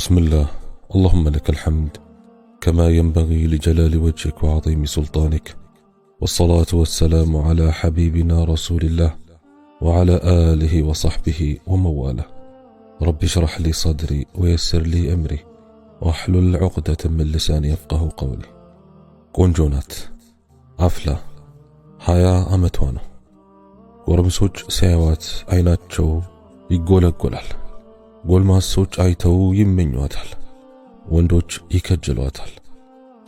بسم الله اللهم لك الحمد كما ينبغي لجلال وجهك وعظيم سلطانك والصلاة والسلام على حبيبنا رسول الله وعلى آله وصحبه ومواله رب اشرح لي صدري ويسر لي أمري واحلل عقدة من لساني يفقه قولي كونجونات عفلة ሀያ ዓመቷ ورمسوج سيوات ሲያዩዋት አይናቸው ይጎለጎላል። ጎልማሶች አይተው ይመኟታል፣ ወንዶች ይከጅሏታል፣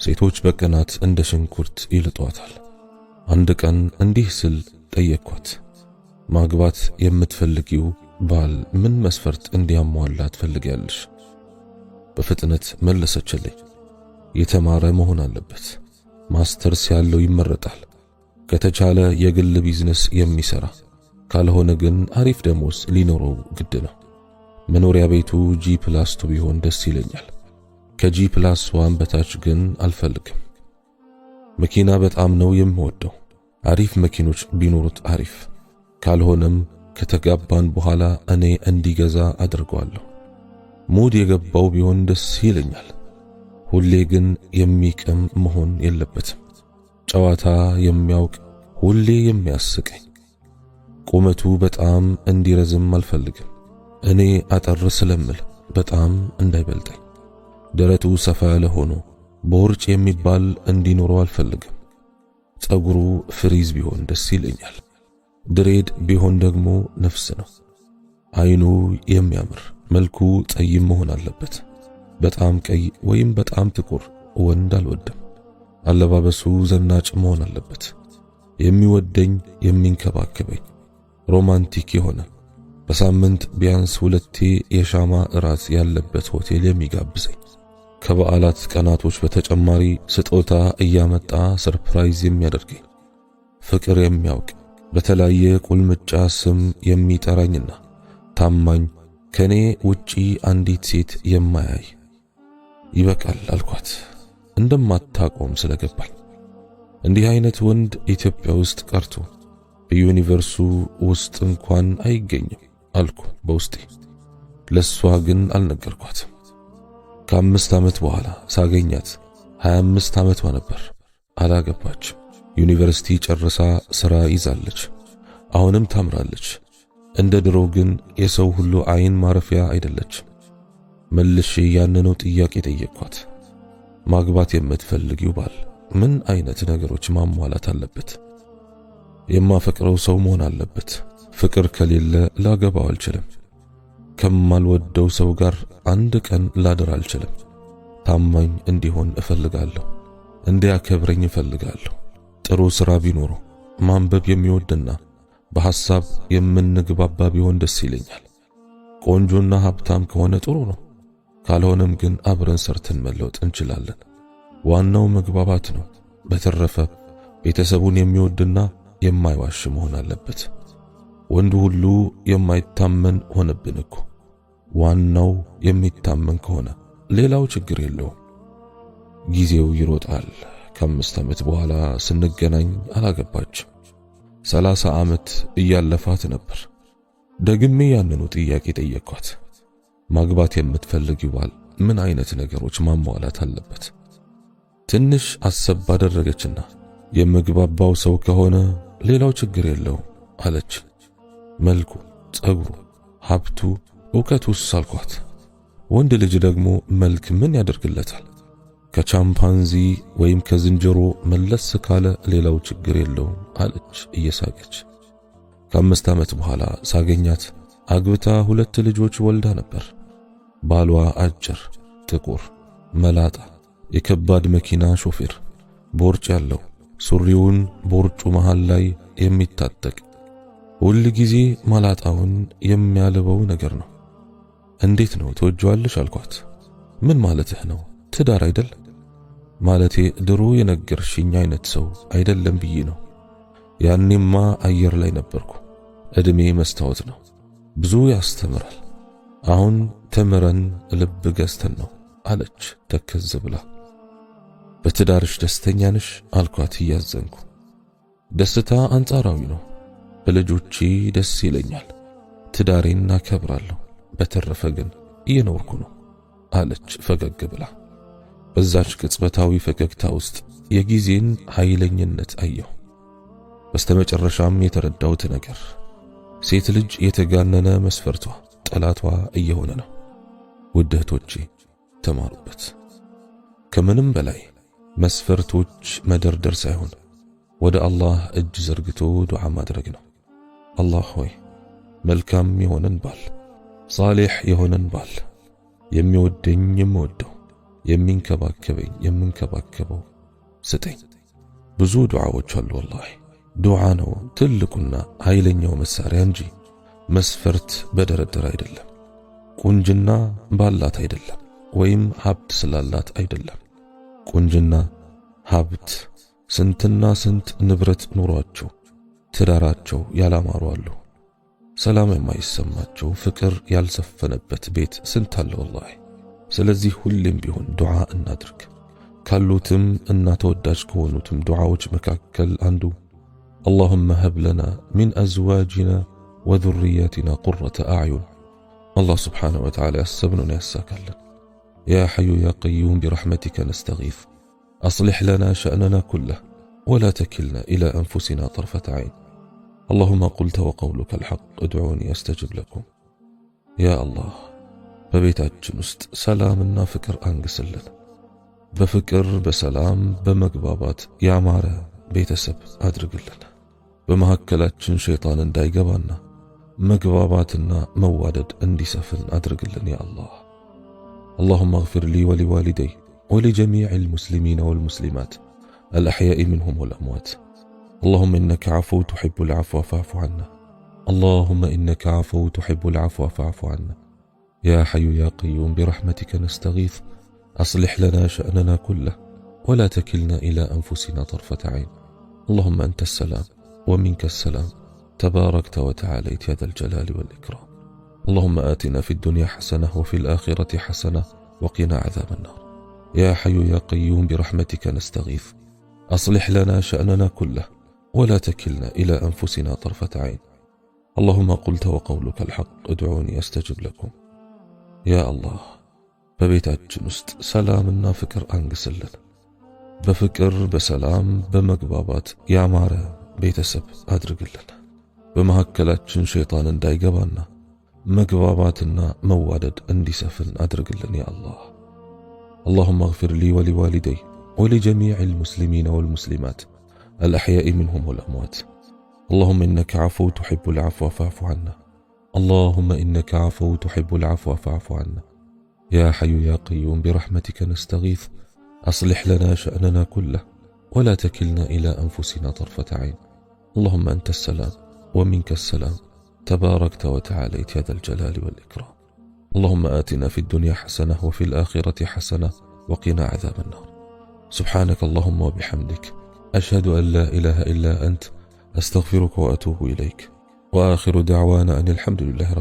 ሴቶች በቀናት እንደ ሽንኩርት ይልጧታል። አንድ ቀን እንዲህ ስል ጠየቅኳት፣ ማግባት የምትፈልጊው ባል ምን መስፈርት እንዲያሟላ ትፈልጊያለሽ? በፍጥነት መለሰችልኝ። የተማረ መሆን አለበት፣ ማስተርስ ያለው ይመረጣል፣ ከተቻለ የግል ቢዝነስ የሚሰራ ካልሆነ ግን አሪፍ ደሞዝ ሊኖረው ግድ ነው። መኖሪያ ቤቱ ጂ ፕላስ ቱ ቢሆን ደስ ይለኛል። ከጂ ፕላስ ዋን በታች ግን አልፈልግም። መኪና በጣም ነው የምወደው። አሪፍ መኪኖች ቢኖሩት አሪፍ፣ ካልሆነም ከተጋባን በኋላ እኔ እንዲገዛ አድርጓለሁ። ሙድ የገባው ቢሆን ደስ ይለኛል። ሁሌ ግን የሚቅም መሆን የለበትም። ጨዋታ የሚያውቅ ሁሌ የሚያስቀኝ ቁመቱ በጣም እንዲረዝም አልፈልግም። እኔ አጠር ስለምል በጣም እንዳይበልጠኝ ደረቱ ሰፋ ያለ ሆኖ ቦርጭ የሚባል እንዲኖረው አልፈልግም። ጸጉሩ ፍሪዝ ቢሆን ደስ ይለኛል። ድሬድ ቢሆን ደግሞ ነፍስ ነው። አይኑ የሚያምር መልኩ ጠይም መሆን አለበት። በጣም ቀይ ወይም በጣም ጥቁር ወንድ አልወድም። አለባበሱ ዘናጭ መሆን አለበት። የሚወደኝ የሚንከባከበኝ ሮማንቲክ የሆነ በሳምንት ቢያንስ ሁለቴ የሻማ እራት ያለበት ሆቴል የሚጋብዘኝ ከበዓላት ቀናቶች በተጨማሪ ስጦታ እያመጣ ሰርፕራይዝ የሚያደርገኝ ፍቅር የሚያውቅ በተለያየ ቁልምጫ ስም የሚጠራኝና ታማኝ ከኔ ውጪ አንዲት ሴት የማያይ ይበቃል አልኳት። እንደማታቆም ስለገባኝ እንዲህ አይነት ወንድ ኢትዮጵያ ውስጥ ቀርቶ በዩኒቨርሱ ውስጥ እንኳን አይገኝም። አልኩ በውስጤ። ለሷ ግን አልነገርኳትም። ከአምስት ዓመት በኋላ ሳገኛት 25 ዓመቷ ነበር። አላገባች ዩኒቨርሲቲ ጨርሳ ስራ ይዛለች። አሁንም ታምራለች። እንደ ድሮ ግን የሰው ሁሉ አይን ማረፊያ አይደለችም። መልሼ ያንነው ጥያቄ ጠየቅኳት። ማግባት የምትፈልጊው ባል ምን አይነት ነገሮች ማሟላት አለበት? የማፈቅረው ሰው መሆን አለበት ፍቅር ከሌለ ላገባው አልችልም። ከማልወደው ሰው ጋር አንድ ቀን ላድር አልችልም። ታማኝ እንዲሆን እፈልጋለሁ። እንዲያከብረኝ እፈልጋለሁ። ጥሩ ሥራ ቢኖረው ማንበብ የሚወድና በሐሳብ የምንግባባ ቢሆን ደስ ይለኛል። ቆንጆና ሀብታም ከሆነ ጥሩ ነው። ካልሆነም ግን አብረን ሰርተን መለወጥ እንችላለን። ዋናው መግባባት ነው። በተረፈ ቤተሰቡን የሚወድና የማይዋሽ መሆን አለበት። ወንዱ ሁሉ የማይታመን ሆነብን እኮ። ዋናው የሚታመን ከሆነ ሌላው ችግር የለውም። ጊዜው ይሮጣል። ከአምስት ዓመት በኋላ ስንገናኝ አላገባችም። ሰላሳ ዓመት እያለፋት ነበር። ደግሜ ያንኑ ጥያቄ ጠየቅኳት። ማግባት የምትፈልግ ባል ምን አይነት ነገሮች ማሟላት አለበት? ትንሽ አሰብ አደረገችና የምግባባው ሰው ከሆነ ሌላው ችግር የለውም አለች። መልኩ፣ ጸጉሩ፣ ሀብቱ፣ እውቀቱ ሳልኳት። ወንድ ልጅ ደግሞ መልክ ምን ያደርግለታል? ከቻምፓንዚ ወይም ከዝንጀሮ መለስ ካለ ሌላው ችግር የለውም አለች እየሳቀች። ከአምስት ዓመት በኋላ ሳገኛት አግብታ ሁለት ልጆች ወልዳ ነበር። ባሏ አጭር፣ ጥቁር፣ መላጣ፣ የከባድ መኪና ሾፌር፣ ቦርጭ ያለው ሱሪውን ቦርጩ መሃል ላይ የሚታጠቅ ሁል ጊዜ ማላጣውን የሚያልበው ነገር ነው። እንዴት ነው ትወጂዋለሽ? አልኳት። ምን ማለትህ ነው? ትዳር አይደል? ማለቴ ድሮ የነገርሽኝ አይነት ሰው አይደለም ብዬ ነው። ያኔማ አየር ላይ ነበርኩ። እድሜ መስታወት ነው፣ ብዙ ያስተምራል። አሁን ተምረን ልብ ገዝተን ነው አለች ተከዝ ብላ። በትዳርሽ ደስተኛ ነሽ? አልኳት እያዘንኩ። ደስታ አንጻራዊ ነው በልጆቼ ደስ ይለኛል፣ ትዳሬን አከብራለሁ። በተረፈ ግን እየኖርኩ ነው አለች ፈገግ ብላ። በዛች ቅጽበታዊ ፈገግታ ውስጥ የጊዜን ኃይለኝነት አየሁ። በስተመጨረሻም የተረዳሁት ነገር ሴት ልጅ የተጋነነ መስፈርቷ ጠላቷ እየሆነ ነው። ውድ እህቶቼ ተማሩበት። ከምንም በላይ መስፈርቶች መደርደር ሳይሆን ወደ አላህ እጅ ዘርግቶ ዱዓ ማድረግ ነው። አላህ ሆይ መልካም የሆነን ባል ሳሌሕ የሆነን ባል የሚወደኝ የምወደው የሚንከባከበኝ የምንከባከበው ስጠኝ። ብዙ ዱዓዎች አሉ። ወላሂ ዱዓ ነው ትልቁና ኃይለኛው መሳሪያ እንጂ መስፈርት በደረደር አይደለም። ቁንጅና ባላት አይደለም፣ ወይም ሀብት ስላላት አይደለም። ቁንጅና፣ ሀብት፣ ስንትና ስንት ንብረት ኑሯቸው ትዳራቸው ያላማሩ አሉ። ሰላም የማይሰማቸው ፍቅር ያልሰፈነበት ቤት ስንት አለ ወላሂ። ስለዚህ ሁሌም ቢሆን ዱዓ እናድርግ። ካሉትም እና ተወዳጅ ከሆኑትም ዱዓዎች መካከል አንዱ አላሁመ ሀብ ለና ሚን አዝዋጅና ወዙርያቲና ቁረተ አዕዩን። አላህ ስብሓነሁ ወተዓላ ያሰብነውን ያሳካለን። ያ ሐዩ ያ ቀዩም ቢረሕመቲከ ነስተጊፍ አስሊሕ ለና ሸእነና ኩለህ ወላ ተኪልና ኢላ አንፉሲና ጠርፈተ ዓይን اللهم قلت وقولك الحق ادعوني استجب لكم يا الله فبيت جنست سلام فكر انقسلت بفكر بسلام بمقبابات يا مارة بيتسب ادرقلت بمهكلاتشن شيطان انداي قبانا مقباباتنا موالد اندي سفن ادرقلن يا الله اللهم اغفر لي ولوالدي ولجميع المسلمين والمسلمات الأحياء منهم والأموات اللهم إنك عفو تحب العفو فاعف عنا اللهم إنك عفو تحب العفو فاعف عنا يا حي يا قيوم برحمتك نستغيث أصلح لنا شأننا كله ولا تكلنا إلى أنفسنا طرفة عين اللهم أنت السلام ومنك السلام تباركت وتعاليت يا ذا الجلال والإكرام اللهم آتنا في الدنيا حسنة وفي الآخرة حسنة وقنا عذاب النار يا حي يا قيوم برحمتك نستغيث أصلح لنا شأننا كله ولا تكلنا الى انفسنا طرفه عين اللهم قلت وقولك الحق ادعوني استجب لكم يا الله فبيت جمست سلام فكر انقسلت بفكر بسلام بمقبابات يا ماره بيت السب ادرقلنا بمهكلاتشن شيطان انداي قبانا مقباباتنا موادد اندي سفن ادرقلن يا الله اللهم اغفر لي ولوالدي ولجميع المسلمين والمسلمات الأحياء منهم والأموات اللهم إنك عفو تحب العفو فاعف عنا اللهم إنك عفو تحب العفو فاعف عنا يا حي يا قيوم برحمتك نستغيث أصلح لنا شأننا كله ولا تكلنا إلى أنفسنا طرفة عين اللهم أنت السلام ومنك السلام تباركت وتعاليت يا ذا الجلال والإكرام اللهم آتنا في الدنيا حسنة وفي الآخرة حسنة وقنا عذاب النار سبحانك اللهم وبحمدك أشهد أن لا إله إلا أنت أستغفرك وأتوب إليك وآخر دعوانا أن الحمد لله رب